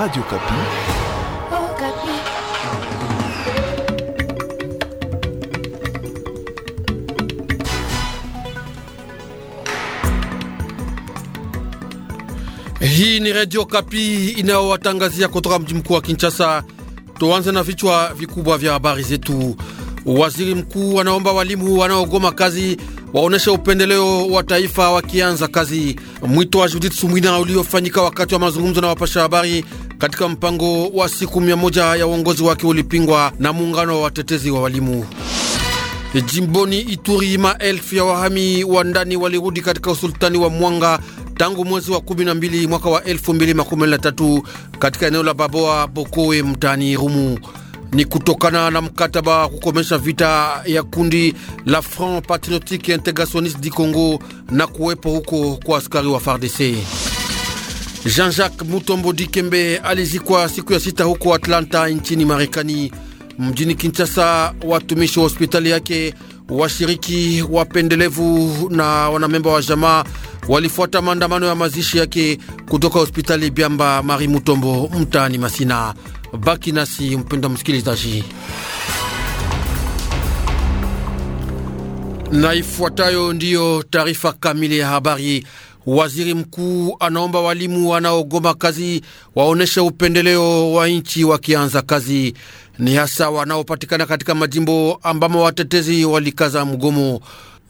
Radio Kapi. Oh, Kapi. Hii ni Radio Kapi inayowatangazia kutoka mji mkuu wa Kinshasa. Tuanze na vichwa vikubwa vya habari zetu. Waziri mkuu anaomba walimu wanaogoma kazi waoneshe upendeleo wa taifa wakianza kazi. Mwito wa Judith sumwina uliofanyika wakati wa mazungumzo na wapasha habari katika mpango wa siku mia moja ya uongozi wake ulipingwa na muungano wa watetezi wa walimu. Jimboni Ituri, maelfu ya wahami wa ndani walirudi katika usultani wa Mwanga tangu mwezi wa 12 mwaka wa 2013 katika eneo la Baboa Bokowe mtaani Rumu. Ni kutokana na mkataba wa kukomesha vita ya kundi la Front Patriotique Integrationiste du Congo na kuwepo huko kwa askari wa FARDC. Jean-Jacques Mutombo Dikembe alizikwa siku ya sita huko Atlanta nchini Marekani. Mjini Kinshasa, watumishi wa hospitali yake, washiriki wapendelevu na wanamemba wa jamaa walifuata maandamano ya mazishi yake kutoka hospitali Byamba Mari Mutombo mtaani Masina. Baki nasi mpenda msikilizaji, na ifuatayo ndiyo taarifa kamili ya habari. Waziri mkuu anaomba walimu wanaogoma kazi waoneshe upendeleo wa nchi wakianza kazi, ni hasa wanaopatikana katika majimbo ambamo watetezi walikaza mgomo.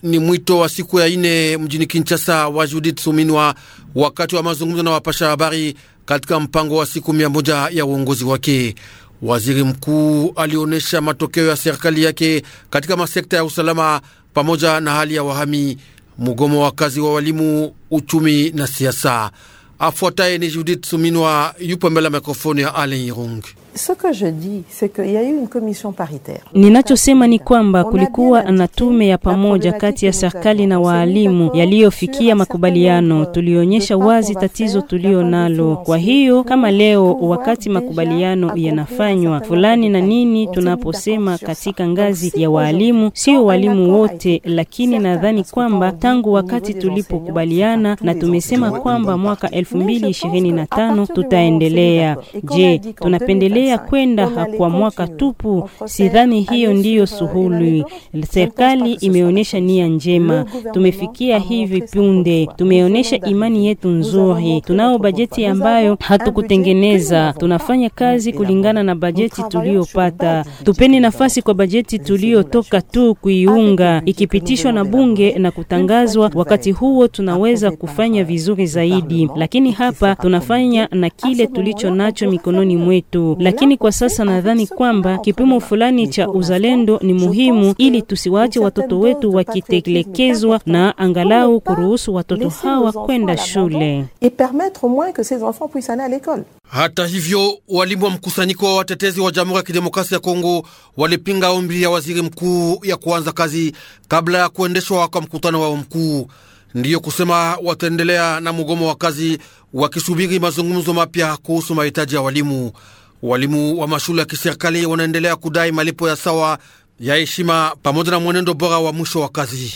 Ni mwito wa siku ya ine mjini Kinshasa wa Judith Suminwa wakati wa mazungumzo na wapasha habari katika mpango wa siku mia moja ya uongozi wake. Waziri mkuu alionyesha matokeo ya serikali yake katika masekta ya usalama pamoja na hali ya wahami mgomo wa kazi wa walimu, uchumi na siasa. Afuataye ni Judith Suminwa, yupo mbele ya mikrofoni ya Alen Irung. Ninachosema ni kwamba kulikuwa na tume ya pamoja kati ya serikali na waalimu yaliyofikia makubaliano. Tulionyesha wazi tatizo tulio nalo. Kwa hiyo kama leo wakati makubaliano yanafanywa fulani na nini, tunaposema katika ngazi ya waalimu, sio waalimu wote, lakini nadhani kwamba tangu wakati tulipokubaliana na tumesema kwamba mwaka 2025 tutaendelea. Je, tunapendelea kuendelea kwenda kwa mwaka tupu, sidhani hiyo ndiyo suhuli. Serikali imeonyesha nia njema, tumefikia hivi punde, tumeonyesha imani yetu nzuri. Tunao bajeti ambayo hatukutengeneza, tunafanya kazi kulingana na bajeti tuliyopata. Tupeni nafasi kwa bajeti tuliyotoka tu kuiunga, ikipitishwa na bunge na kutangazwa, wakati huo tunaweza kufanya vizuri zaidi, lakini hapa tunafanya na kile tulicho nacho mikononi mwetu lakini kwa sasa nadhani kwamba kipimo fulani cha uzalendo ni muhimu, ili tusiwache watoto wetu wakitelekezwa, na angalau kuruhusu watoto hawa kwenda shule. Hata hivyo, walimu wa mkusanyiko wa watetezi wa Jamhuri ya Kidemokrasia ya Kongo walipinga ombi ya waziri mkuu ya kuanza kazi kabla ya kuendeshwa kwa mkutano wao mkuu. Ndiyo kusema wataendelea na mgomo wa kazi wakisubiri mazungumzo mapya kuhusu mahitaji ya walimu. Walimu wa mashule ya kiserikali wanaendelea kudai malipo ya sawa ya heshima pamoja na mwenendo bora wa mwisho wa kazi.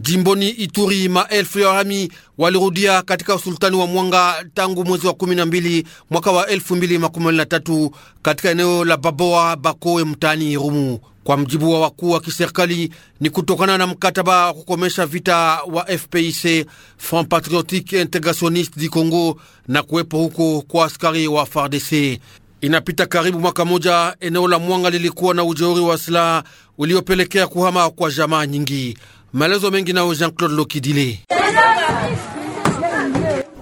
Jimboni Ituri, maelfu ya wahami walirudia katika usultani wa Mwanga tangu mwezi wa 12 mwaka wa 2023 katika eneo la Baboa Bakoe mtaani Irumu. Kwa mjibu wa wakuu wa kiserikali, ni kutokana na mkataba wa kukomesha vita wa FPIC, Front Patriotique Integrationiste du Congo, na kuwepo huko kwa askari wa FARDC. Inapita karibu mwaka moja, eneo la Mwanga lilikuwa na ujeuri wa silaha uliopelekea kuhama kwa jamaa nyingi. Maelezo mengi nayo Jean-Claude Lokidile.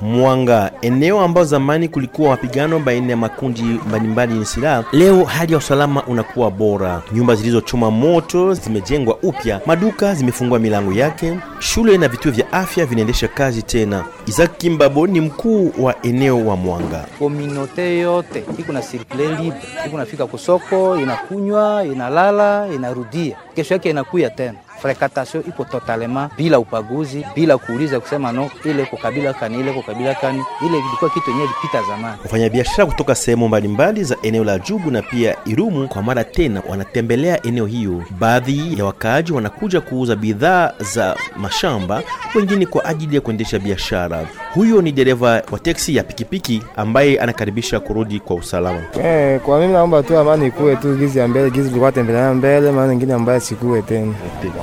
Mwanga, eneo ambao zamani kulikuwa mapigano baina ya makundi mbalimbali yenye silaha, leo hali ya usalama unakuwa bora. Nyumba zilizochoma moto zimejengwa upya, maduka zimefungua milango yake, shule na vituo vya afya vinaendesha kazi tena. Isaac Kimbabo ni mkuu wa eneo wa Mwanga. Kominote yote iko na sirkule libre, iko nafika kusoko, inakunywa, inalala, inarudia, kesho yake inakuya tena frekatasio iko totalema bila upaguzi, bila kuuliza kusema no, ile kwa kabila kani, ile kwa kabila kani. Ile ilikuwa kitu yenyewe ilipita zamani. Wafanyabiashara kutoka sehemu mbalimbali za eneo la Jugu na pia Irumu kwa mara tena wanatembelea eneo hiyo. Baadhi ya wakaaji wanakuja kuuza bidhaa za mashamba, wengine kwa ajili ya kuendesha biashara. Huyo ni dereva wa teksi ya pikipiki ambaye anakaribisha kurudi kwa usalama. Eh, kwa mimi naomba tu amani ikuwe tu gizi ya mbele, gizi ilikuwa tembelea mbele, maana nyingine ambaye sikuwe tena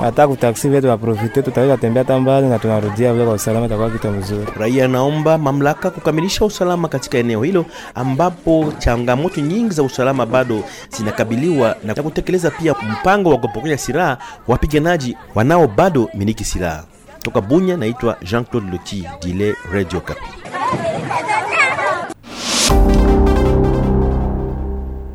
hata kutaksi vya tuwaprofite, tutaweza tembea hata mbali na tunarudia vile kwa usalama, itakuwa kitu mzuri. Raia naomba mamlaka kukamilisha usalama katika eneo hilo ambapo changamoto nyingi za usalama bado zinakabiliwa na kutekeleza pia mpango wa kupokonya silaha wapiganaji wanao bado miliki silaha. Toka Bunya naitwa Jean-Claude Loti, dile Radio Kapi.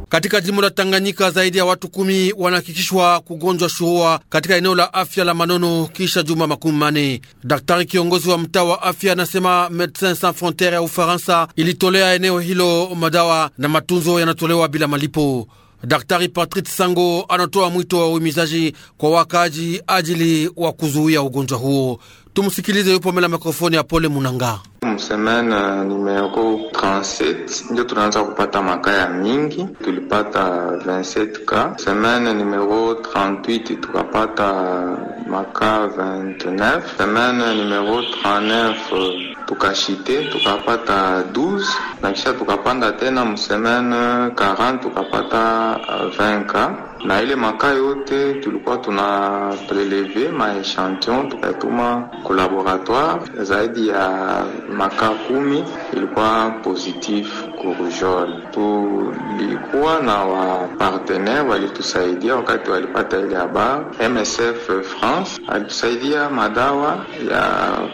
Katika jimbo la Tanganyika, zaidi ya watu kumi wanahakikishwa kugonjwa shurua katika eneo la afya la Manono kisha juma makumi mane. Daktari kiongozi wa mtaa wa afya anasema Medecins Sans Frontiere ya Ufaransa ilitolea eneo hilo madawa na matunzo yanatolewa bila malipo. Daktari Patrick Sango anatoa mwito wa uhimizaji kwa wakaaji ajili wa kuzuia ugonjwa huo. Tumsikilize, yupo mbele ya mikrofoni ya Pole Munanga. Msemene numero 37 ndio tunaanza kupata makaya mingi, tulipata 27 k Semene numéro 38 tukapata maka 29. Semene numéro 39 tukashite tukapata 12 na kisha tukapanda tena msemene 40 tukapata 20 euh, na ile makaa yote tulikuwa tuna preleve maechantion tukatuma ku laboratoire. Zaidi ya makaa kumi ilikuwa positif ku rujol tulikuwa na wapartenere walitusaidia wakati walipata ile habari. MSF France alitusaidia madawa ya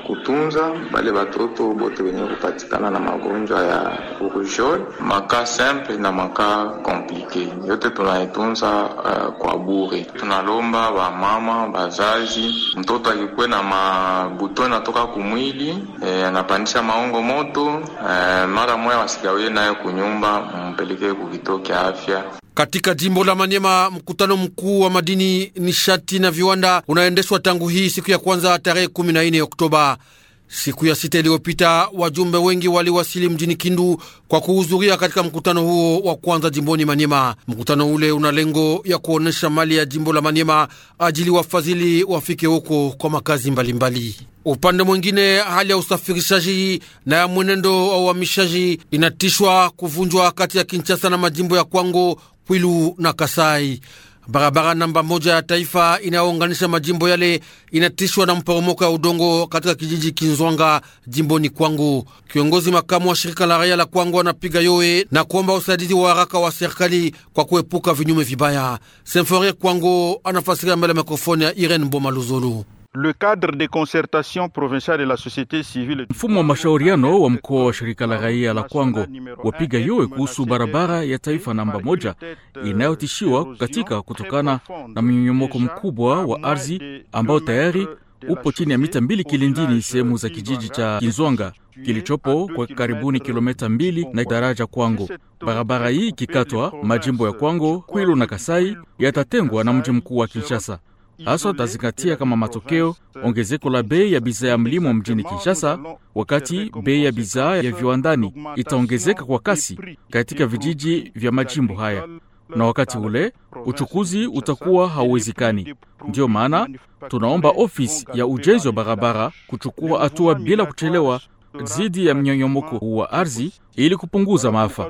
kutunza wale watoto bote wenye kupatikana na magonjwa ya urujol, maka simple na maka komplike, yote tunaitunza uh, kwa bure. Tunalomba wamama bazazi, mtoto akikuwe na mabuto natoka kumwili euh, anapandisha maongo moto eh, mara moya wasigawie nayo kunyumba, mpelekee kuvitokia ya afya. Katika jimbo la Manyema, mkutano mkuu wa madini, nishati na viwanda unaendeshwa tangu hii siku ya kwanza tarehe 14 Oktoba. Siku ya sita iliyopita wajumbe wengi waliwasili mjini Kindu kwa kuhudhuria katika mkutano huo wa kwanza jimboni manyema Mkutano ule una lengo ya kuonyesha mali ya jimbo la manyema ajili wafadhili wafike huko kwa makazi mbalimbali mbali. Upande mwingine, hali ya usafirishaji na ya mwenendo wa uhamishaji inatishwa kuvunjwa kati ya Kinshasa na majimbo ya Kwango, Kwilu na Kasai. Barabara namba moja ya taifa inayounganisha majimbo yale inatishwa na mporomoko ya udongo katika kijiji Kinzwanga jimboni Kwangu. Kiongozi makamu wa shirika la raia la Kwangu anapiga yowe na kuomba usaidizi wa haraka wa serikali kwa kuepuka vinyume vibaya. Semforie Kwangu anafasiria mbele ya mikrofoni ya Irene Bomaluzulu le cadre de concertation provinciale de la société civile. Mfumo wa mashauriano wa mkoa wa shirika la raia la Kwango wapiga yowe kuhusu barabara ya taifa namba moja inayotishiwa katika kutokana na mnyonyomoko mkubwa wa ardhi ambao tayari upo chini ya mita mbili kilindini, sehemu za kijiji cha Kinzwanga kilichopo kwa karibuni kilomita mbili na daraja Kwango. Barabara hii ikikatwa, majimbo ya Kwango, Kwilu na Kasai yatatengwa na mji mkuu wa Kinshasa haswa tazingatia kama matokeo ongezeko la bei ya bidhaa ya mlimo mjini Kinshasa, wakati bei ya bidhaa ya viwandani itaongezeka kwa kasi katika vijiji vya majimbo haya, na wakati ule uchukuzi utakuwa hauwezekani. Ndiyo maana tunaomba ofisi ya ujenzi wa barabara kuchukua hatua bila kuchelewa dhidi ya mnyonyomoko wa ardhi ili kupunguza maafa.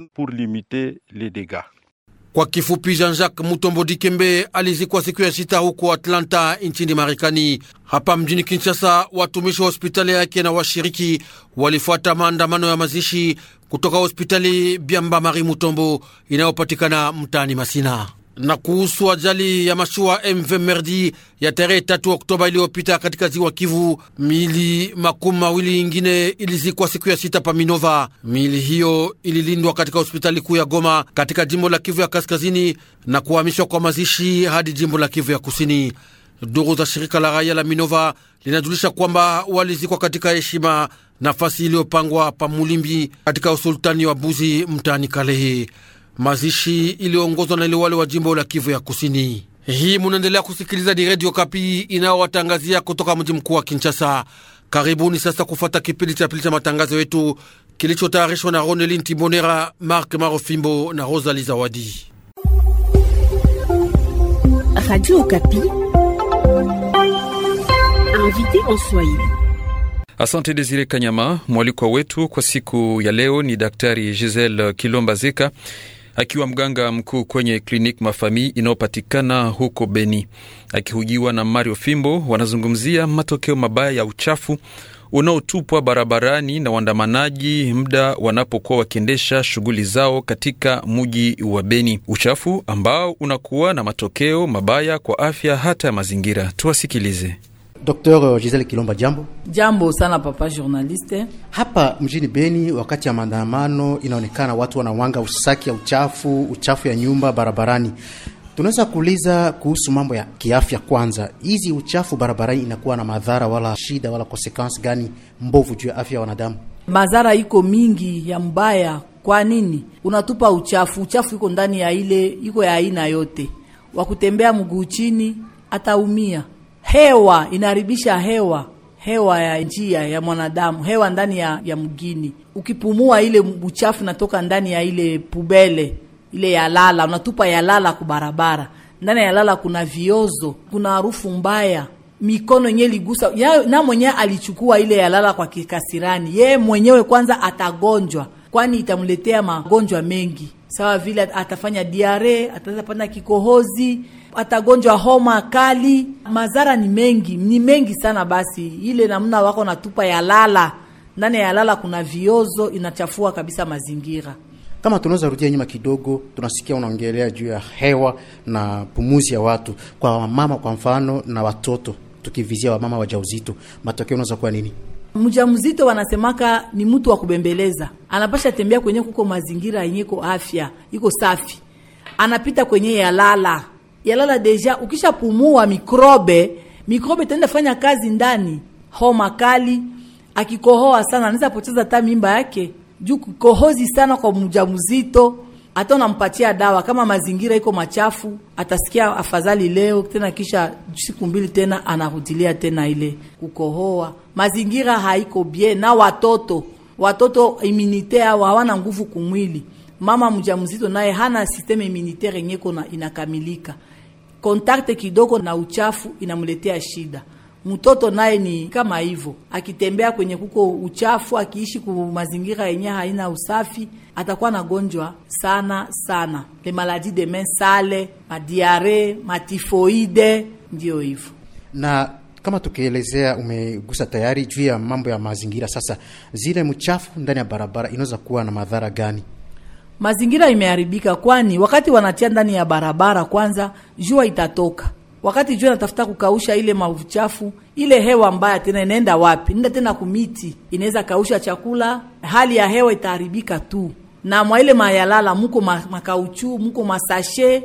Kwa kifupi, Jean-Jacques Mutombo Dikembe alizikwa siku ya sita huko Atlanta nchini Marekani. Hapa mjini Kinshasa, watumishi wa hospitali yake na washiriki walifuata maandamano ya mazishi kutoka hospitali Byamba Mari Mutombo inayopatikana mtaani Masina. Na kuhusu ajali ya mashua MV Merdi ya tarehe 3 Oktoba iliyopita katika ziwa Kivu, miili makumi mawili ingine ilizikwa siku ya sita Paminova. Miili hiyo ililindwa katika hospitali kuu ya Goma katika jimbo la Kivu ya kaskazini na kuhamishwa kwa mazishi hadi jimbo la Kivu ya kusini. Duru za shirika la raia la Minova linajulisha kwamba walizikwa katika heshima, nafasi iliyopangwa pa Mulimbi katika usultani wa Buzi mtaani Kalehe mazishi iliongozwa na liwali wa jimbo la Kivu ya Kusini. Hii munaendelea kusikiliza di Radio Kapi inayowatangazia kutoka mji mkuu wa Kinshasa. Karibuni sasa kufata kipindi cha pili cha matangazo yetu kilichotayarishwa na Ronelin Timbonera, Mark Marofimbo na Rosali Zawadi. Asante Desire Kanyama. Mwalikwa wetu kwa siku ya leo ni Daktari Giselle Kilomba akiwa mganga mkuu kwenye klinik mafami inayopatikana huko Beni. Akihujiwa na Mario Fimbo, wanazungumzia matokeo mabaya ya uchafu unaotupwa barabarani na waandamanaji muda wanapokuwa wakiendesha shughuli zao katika mji wa Beni, uchafu ambao unakuwa na matokeo mabaya kwa afya hata ya mazingira. Tuwasikilize. Dr. Euh, Giselle Kilomba, jambo. Jambo sana papa journaliste. Hapa mjini Beni, wakati ya maandamano, inaonekana watu wanawanga usaki ya uchafu, uchafu ya nyumba barabarani. Tunaweza kuuliza kuhusu mambo ya kiafya kwanza. Hizi uchafu barabarani inakuwa na madhara wala shida wala consequence gani mbovu juu ya afya ya wanadamu? Madhara iko mingi ya mbaya. Kwa nini unatupa uchafu? Uchafu iko ndani ya ile, iko ya aina yote, wakutembea mguu chini ataumia hewa inaharibisha hewa hewa ya njia ya mwanadamu, hewa ndani ya, ya mgini. Ukipumua ile uchafu natoka ndani ya ile pubele ile yalala, unatupa yalala kubarabara. Ndani ya yalala kuna viozo, kuna harufu mbaya mikono yenyewe ligusa ya, na mwenyewe alichukua ile yalala kwa kikasirani. ye mwenyewe kwanza atagonjwa, kwani itamletea magonjwa mengi, sawa vile atafanya diare, atapata kikohozi atagonjwa homa kali. Madhara ni mengi, ni mengi sana. Basi ile namna wako natupa ya lala ndani ya lala, kuna viozo inachafua kabisa mazingira. Kama tunaweza rudia nyuma kidogo, tunasikia unaongelea juu ya hewa na pumuzi ya watu, kwa wamama kwa mfano na watoto, tukivizia wamama wajauzito, matokeo unaweza kuwa nini? Mjamzito wanasemaka ni mtu wa kubembeleza, anapasha tembea kwenye kuko mazingira yenye iko afya iko safi, anapita kwenye yalala yalala deja. ukisha pumua mikrobe, mikrobe itaenda fanya kazi ndani, homa kali, akikohoa sana anaweza poteza hata mimba yake juu kikohozi sana kwa mjamzito hata unampatia dawa kama mazingira iko machafu, atasikia afadhali leo tena, kisha siku mbili tena anarudilia tena ile kukohoa. Mazingira haiko bien, na watoto watoto immunite hao hawana nguvu kumwili. Mama mjamzito naye hana systeme immunitaire yenye inakamilika kontakte kidogo na uchafu inamletea shida. Mtoto naye ni kama hivyo, akitembea kwenye kuko uchafu, akiishi ku mazingira yenye haina usafi, atakuwa na gonjwa sana sana, le maladie de main sale, madiare, matifoide, ndio hivyo na kama tukielezea, umegusa tayari juu ya mambo ya mazingira. Sasa zile mchafu ndani ya barabara inaweza kuwa na madhara gani? mazingira imeharibika, kwani wakati wanatia ndani ya barabara, kwanza jua itatoka wakati jua natafuta kukausha ile mauchafu, ile hewa mbaya tena inaenda wapi? Nenda tena kumiti, inaweza kausha chakula, hali ya hewa itaharibika tu. Na mwa ile mayalala muko makauchu, muko masashe,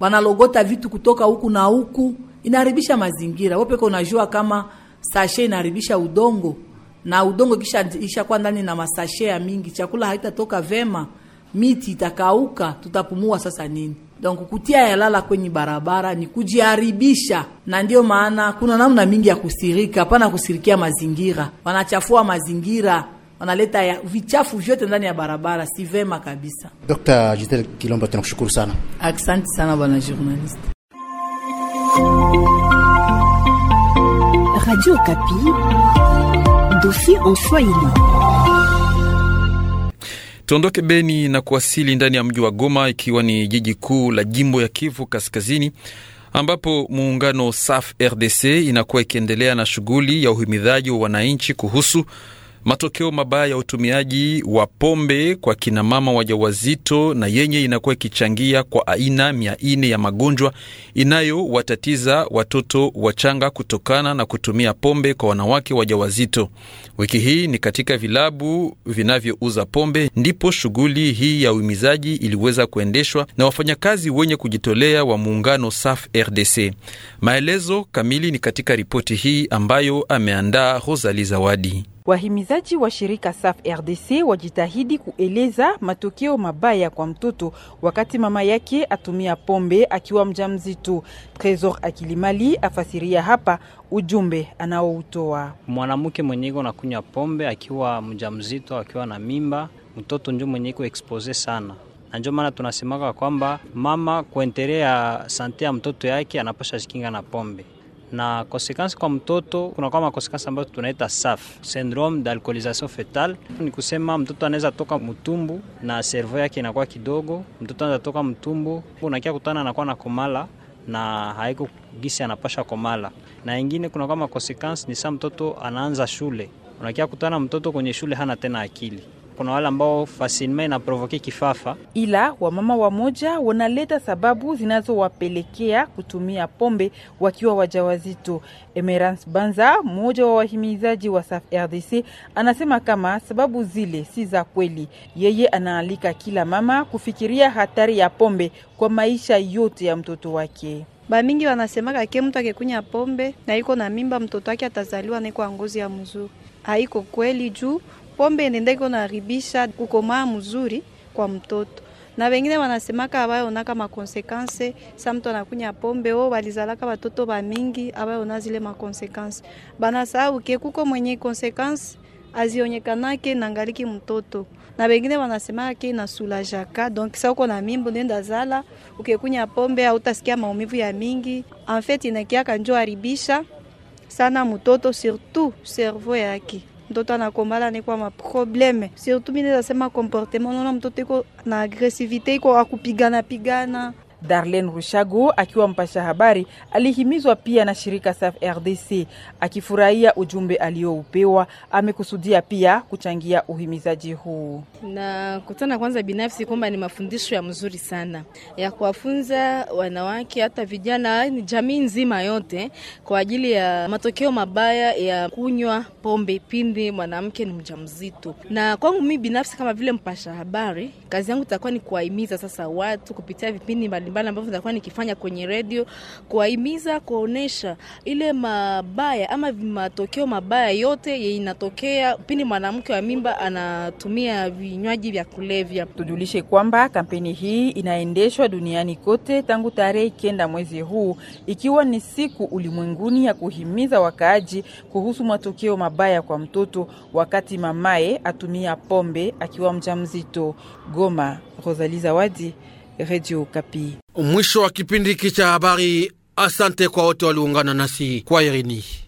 wanalogota vitu kutoka huku na huku, inaharibisha mazingira. Wewe peke unajua kama sashe inaharibisha udongo, na udongo kisha ishakuwa ndani na masashe ya mingi, chakula haitatoka vema miti itakauka, tutapumua sasa nini? Donc kutia yalala kwenye barabara ni kujiharibisha, na ndio maana kuna namna mingi ya kusirika. Hapana kusirikia mazingira, wanachafua mazingira, wanaleta ya vichafu vyote ndani ya barabara, si vema kabisa. Dr. Jitel Kilomba, tunakushukuru sana. Asante sana bwana journalist. Radio Kapi, dossier en Swahili. Tuondoke Beni na kuwasili ndani ya mji wa Goma, ikiwa ni jiji kuu la jimbo ya Kivu Kaskazini, ambapo muungano SAF RDC inakuwa ikiendelea na shughuli ya uhimidhaji wa wananchi kuhusu Matokeo mabaya ya utumiaji wa pombe kwa kinamama wajawazito na yenye inakuwa ikichangia kwa aina mia nne ya magonjwa inayowatatiza watoto wachanga kutokana na kutumia pombe kwa wanawake wajawazito. Wiki hii ni katika vilabu vinavyouza pombe ndipo shughuli hii ya uhimizaji iliweza kuendeshwa na wafanyakazi wenye kujitolea wa muungano SAF RDC. Maelezo kamili ni katika ripoti hii ambayo ameandaa Rosali Zawadi. Wahimizaji wa shirika SAF RDC wajitahidi kueleza matokeo mabaya kwa mtoto wakati mama yake atumia pombe akiwa mjamzito. Tresor Akilimali afasiria hapa ujumbe anaoutoa. Mwanamke mwenye iko nakunywa pombe akiwa mjamzito, akiwa na mimba, mtoto mwenye iko expose sana na ndio maana tunasemaka kwamba mama kuenterea sante ya mtoto yake anapasha jikinga na pombe na konsekansi kwa mtoto kunakuwa makonsekansi ambayo tunaita SAF, syndrome d'alcoolisation fetal. Ni kusema mtoto anaweza toka mtumbu na servo yake inakuwa kidogo, mtoto anaweza toka mtumbu unakia kutana anakuwa na komala na haiko gisi anapasha komala. Na ingine kunakuwa makonsekansi ni saa mtoto anaanza shule, unakia kutana mtoto kwenye shule hana tena akili kuna wale ambao na inaprovoke kifafa. Ila wamama wamoja wanaleta sababu zinazowapelekea kutumia pombe wakiwa wajawazito. Emerance Banza, mmoja wa wahimizaji wa RDC, anasema kama sababu zile si za kweli. Yeye anaalika kila mama kufikiria hatari ya pombe kwa maisha yote ya mtoto wake. ba mingi wanasemaka ke mtu akekunya pombe na iko na mimba, mtoto wake atazaliwa iko ngozi ya mzuri. Haiko kweli juu pombe nenda kunaharibisha kukomaa mzuri kwa mtoto na wengine wanasemaka abayoonaka makonsekanse sa mtu anakunya pombe o walizalaka watoto ba mingi abayoona zile makonsekanse banasahau ke kuko mwenye konsekanse azionyekanake nangaliki mtoto na wengine wanasema ke nasulajaka donc sa uko na mimbo nenda zala ukekunya pombe autasikia maumivu ya mingi en inakiaka njo haribisha sana mtoto surtout cerveau yake mtoto anakombana ni kwa maprobleme, surtout mimi nasema comportement, naona mtoto iko na agresivite, iko akupiganapigana Darlene Rushago akiwa mpasha habari alihimizwa pia na shirika SAF RDC. Akifurahia ujumbe aliyoupewa, amekusudia pia kuchangia uhimizaji huu. Na kutana kwanza binafsi kwamba ni mafundisho ya mzuri sana ya kuwafunza wanawake hata vijana, yaani jamii nzima yote, kwa ajili ya matokeo mabaya ya kunywa pombe pindi mwanamke ni mjamzito. Na kwangu mimi binafsi kama vile mpasha habari, kazi yangu itakuwa ni kuwahimiza sasa watu kupitia vipindi mbali mbalimbali ambavyo nitakuwa nikifanya kwenye redio, kuwahimiza kuonesha ile mabaya ama matokeo mabaya yote inatokea pindi mwanamke wa mimba anatumia vinywaji vya kulevya. Tujulishe kwamba kampeni hii inaendeshwa duniani kote tangu tarehe kenda mwezi huu, ikiwa ni siku ulimwenguni ya kuhimiza wakaaji kuhusu matokeo mabaya kwa mtoto wakati mamaye atumia pombe akiwa mjamzito. Goma, Rosalie Zawadi, Radio Kapi. Mwisho wa kipindi hiki cha habari. Asante kwa wote waliungana nasi kwa Irini.